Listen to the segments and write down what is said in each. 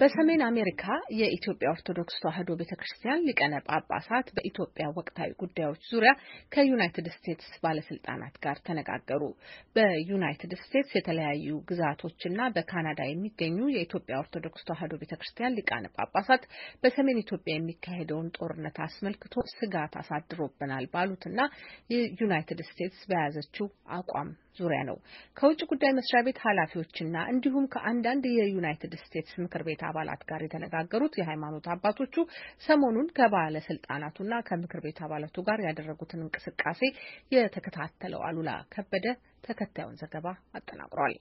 በሰሜን አሜሪካ የኢትዮጵያ ኦርቶዶክስ ተዋሕዶ ቤተ ክርስቲያን ሊቀነ ጳጳሳት በኢትዮጵያ ወቅታዊ ጉዳዮች ዙሪያ ከዩናይትድ ስቴትስ ባለስልጣናት ጋር ተነጋገሩ። በዩናይትድ ስቴትስ የተለያዩ ግዛቶችና በካናዳ የሚገኙ የኢትዮጵያ ኦርቶዶክስ ተዋሕዶ ቤተ ክርስቲያን ሊቃነ ጳጳሳት በሰሜን ኢትዮጵያ የሚካሄደውን ጦርነት አስመልክቶ ስጋት አሳድሮብናል ባሉትና የዩናይትድ ስቴትስ በያዘችው አቋም ዙሪያ ነው። ከውጭ ጉዳይ መስሪያ ቤት ኃላፊዎችና እንዲሁም ከአንዳንድ የዩናይትድ ስቴትስ ምክር ቤት አባላት ጋር የተነጋገሩት የሃይማኖት አባቶቹ ሰሞኑን ከባለስልጣናቱና ከምክር ቤት አባላቱ ጋር ያደረጉትን እንቅስቃሴ የተከታተለው አሉላ ከበደ ተከታዩን ዘገባ አጠናቅሯል።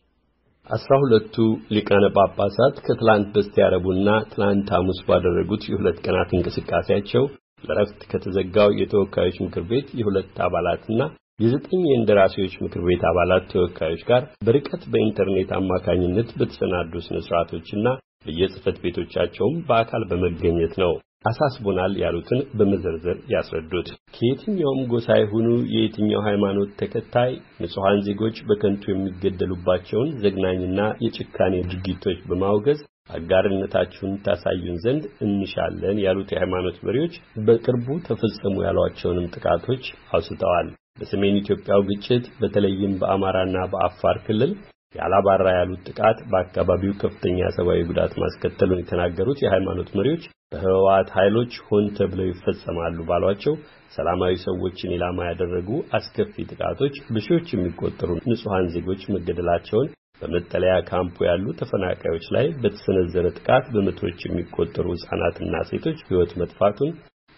አስራ ሁለቱ ሊቃነ ጳጳሳት ከትላንት በስቲያ ረቡዕና ትላንት ሐሙስ ባደረጉት የሁለት ቀናት እንቅስቃሴያቸው ለረፍት ከተዘጋው የተወካዮች ምክር ቤት የሁለት አባላትና የዘጠኝ የእንደራሴዎች ምክር ቤት አባላት ተወካዮች ጋር በርቀት በኢንተርኔት አማካኝነት በተሰናዱ ስነ ስርዓቶችና በየጽህፈት ቤቶቻቸውም በአካል በመገኘት ነው አሳስቦናል ያሉትን በመዘርዘር ያስረዱት ከየትኛውም ጎሳ የሆኑ የየትኛው ሃይማኖት ተከታይ ንጹሐን ዜጎች በከንቱ የሚገደሉባቸውን ዘግናኝና የጭካኔ ድርጊቶች በማውገዝ አጋርነታችሁን ታሳዩን ዘንድ እንሻለን ያሉት የሃይማኖት መሪዎች በቅርቡ ተፈጸሙ ያሏቸውንም ጥቃቶች አውስተዋል። በሰሜን ኢትዮጵያው ግጭት በተለይም በአማራና በአፋር ክልል ያላባራ ያሉት ጥቃት በአካባቢው ከፍተኛ ሰብአዊ ጉዳት ማስከተሉን የተናገሩት የሃይማኖት መሪዎች በህወሓት ኃይሎች ሆን ተብለው ይፈጸማሉ ባሏቸው ሰላማዊ ሰዎችን ኢላማ ያደረጉ አስከፊ ጥቃቶች በሺዎች የሚቆጠሩ ንጹሐን ዜጎች መገደላቸውን በመጠለያ ካምፑ ያሉ ተፈናቃዮች ላይ በተሰነዘረ ጥቃት በመቶዎች የሚቆጠሩ ህጻናትና ሴቶች ህይወት መጥፋቱን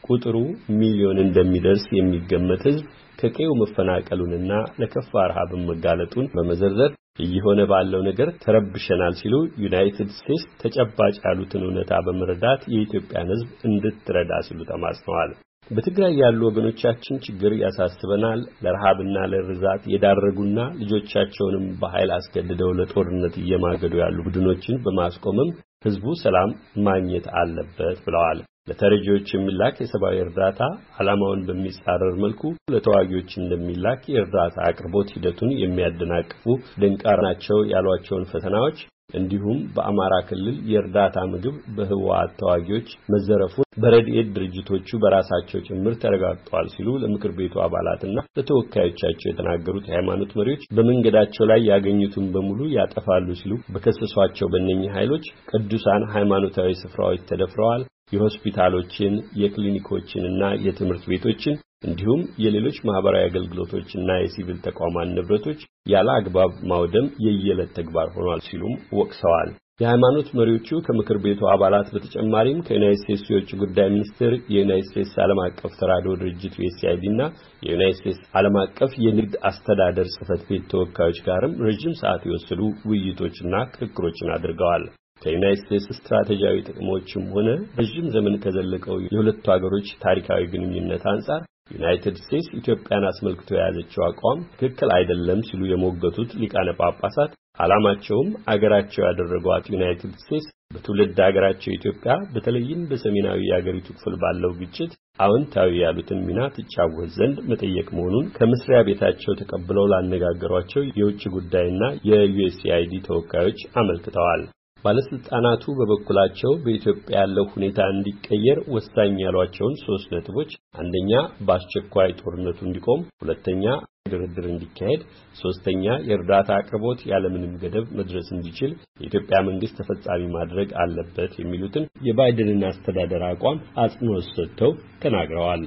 ቁጥሩ ሚሊዮን እንደሚደርስ የሚገመት ህዝብ ከቀዬው መፈናቀሉንና ለከፋ ረሃብን መጋለጡን በመዘርዘር እየሆነ ባለው ነገር ተረብሸናል ሲሉ ዩናይትድ ስቴትስ ተጨባጭ ያሉትን እውነታ በመረዳት የኢትዮጵያን ህዝብ እንድትረዳ ሲሉ ተማጽነዋል። በትግራይ ያሉ ወገኖቻችን ችግር ያሳስበናል። ለረሃብና ለርዛት የዳረጉና ልጆቻቸውንም በኃይል አስገድደው ለጦርነት እየማገዱ ያሉ ቡድኖችን በማስቆምም ህዝቡ ሰላም ማግኘት አለበት ብለዋል። ለተረጂዎች የሚላክ የሰብአዊ እርዳታ ዓላማውን በሚጻረር መልኩ ለተዋጊዎች እንደሚላክ የእርዳታ አቅርቦት ሂደቱን የሚያደናቅፉ ድንቃር ናቸው ያሏቸውን ፈተናዎች እንዲሁም በአማራ ክልል የእርዳታ ምግብ በህወሓት ተዋጊዎች መዘረፉን በረድኤት ድርጅቶቹ በራሳቸው ጭምር ተረጋግጠዋል ሲሉ ለምክር ቤቱ አባላትና ለተወካዮቻቸው የተናገሩት የሃይማኖት መሪዎች በመንገዳቸው ላይ ያገኙትን በሙሉ ያጠፋሉ ሲሉ በከሰሷቸው በእነኚህ ኃይሎች ቅዱሳን ሃይማኖታዊ ስፍራዎች ተደፍረዋል፣ የሆስፒታሎችን፣ የክሊኒኮችንና የትምህርት ቤቶችን እንዲሁም የሌሎች ማህበራዊ አገልግሎቶችና የሲቪል ተቋማት ንብረቶች ያለ አግባብ ማውደም የየዕለት ተግባር ሆኗል ሲሉም ወቅሰዋል። የሃይማኖት መሪዎቹ ከምክር ቤቱ አባላት በተጨማሪም ከዩናይት ስቴትስ የውጭ ጉዳይ ሚኒስቴር፣ የዩናይት ስቴትስ ዓለም አቀፍ ተራድኦ ድርጅት ዩኤስአይዲ እና የዩናይት ስቴትስ ዓለም አቀፍ የንግድ አስተዳደር ጽህፈት ቤት ተወካዮች ጋርም ረዥም ሰዓት የወሰዱ ውይይቶችና ክርክሮችን አድርገዋል። ከዩናይት ስቴትስ ስትራቴጂያዊ ጥቅሞችም ሆነ ረዥም ዘመን ከዘለቀው የሁለቱ ሀገሮች ታሪካዊ ግንኙነት አንጻር ዩናይትድ ስቴትስ ኢትዮጵያን አስመልክቶ የያዘችው አቋም ትክክል አይደለም ሲሉ የሞገቱት ሊቃነ ጳጳሳት ዓላማቸውም አገራቸው ያደረጓት ዩናይትድ ስቴትስ በትውልድ አገራቸው ኢትዮጵያ በተለይም በሰሜናዊ የአገሪቱ ክፍል ባለው ግጭት አዎንታዊ ያሉትን ሚና ትጫወት ዘንድ መጠየቅ መሆኑን ከመስሪያ ቤታቸው ተቀብለው ላነጋገሯቸው የውጭ ጉዳይና የዩኤስኤአይዲ ተወካዮች አመልክተዋል። ባለስልጣናቱ በበኩላቸው በኢትዮጵያ ያለው ሁኔታ እንዲቀየር ወሳኝ ያሏቸውን ሶስት ነጥቦች አንደኛ፣ በአስቸኳይ ጦርነቱ እንዲቆም፣ ሁለተኛ፣ ድርድር እንዲካሄድ፣ ሶስተኛ፣ የእርዳታ አቅርቦት ያለምንም ገደብ መድረስ እንዲችል የኢትዮጵያ መንግስት ተፈጻሚ ማድረግ አለበት የሚሉትን የባይደንን አስተዳደር አቋም አጽንኦት ሰጥተው ተናግረዋል።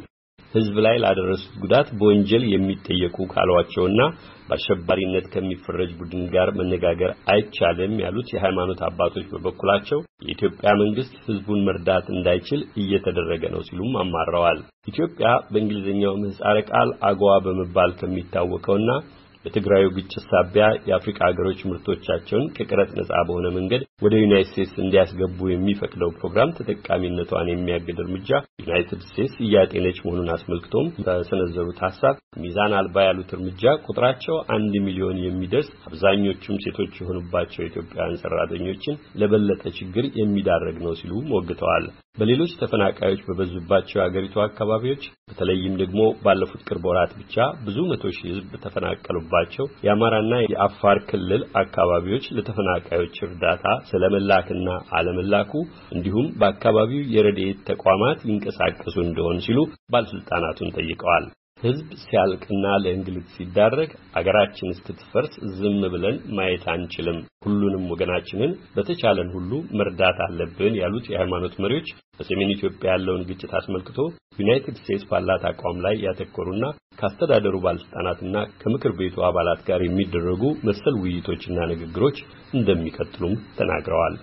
ህዝብ ላይ ላደረሱት ጉዳት በወንጀል የሚጠየቁ ካሏቸውና በአሸባሪነት ከሚፈረጅ ቡድን ጋር መነጋገር አይቻልም ያሉት የሃይማኖት አባቶች በበኩላቸው የኢትዮጵያ መንግስት ህዝቡን መርዳት እንዳይችል እየተደረገ ነው ሲሉም አማረዋል። ኢትዮጵያ በእንግሊዝኛው ምህጻረ ቃል አጎዋ በመባል ከሚታወቀውና በትግራዩ ግጭት ሳቢያ የአፍሪካ ሀገሮች ምርቶቻቸውን ከቀረጥ ነጻ በሆነ መንገድ ወደ ዩናይት ስቴትስ እንዲያስገቡ የሚፈቅደው ፕሮግራም ተጠቃሚነቷን የሚያግድ እርምጃ ዩናይትድ ስቴትስ እያጤነች መሆኑን አስመልክቶም በሰነዘሩት ሀሳብ ሚዛን አልባ ያሉት እርምጃ ቁጥራቸው አንድ ሚሊዮን የሚደርስ አብዛኞቹም ሴቶች የሆኑባቸው ኢትዮጵያውያን ሰራተኞችን ለበለጠ ችግር የሚዳረግ ነው ሲሉ ሞግተዋል። በሌሎች ተፈናቃዮች በበዙባቸው የአገሪቱ አካባቢዎች በተለይም ደግሞ ባለፉት ቅርብ ወራት ብቻ ብዙ መቶ ሺህ ሕዝብ በተፈናቀሉባቸው የአማራና የአፋር ክልል አካባቢዎች ለተፈናቃዮች እርዳታ ስለመላክና አለመላኩ እንዲሁም በአካባቢው የረድኤት ተቋማት ይንቀሳቀሱ እንደሆን ሲሉ ባለስልጣናቱን ጠይቀዋል። ህዝብ ሲያልቅና ለእንግልት ሲዳረግ አገራችን እስክትፈርስ ዝም ብለን ማየት አንችልም፣ ሁሉንም ወገናችንን በተቻለን ሁሉ መርዳት አለብን ያሉት የሃይማኖት መሪዎች በሰሜን ኢትዮጵያ ያለውን ግጭት አስመልክቶ ዩናይትድ ስቴትስ ባላት አቋም ላይ ያተኮሩና ከአስተዳደሩ ባለስልጣናትና ከምክር ቤቱ አባላት ጋር የሚደረጉ መሰል ውይይቶችና ንግግሮች እንደሚቀጥሉም ተናግረዋል።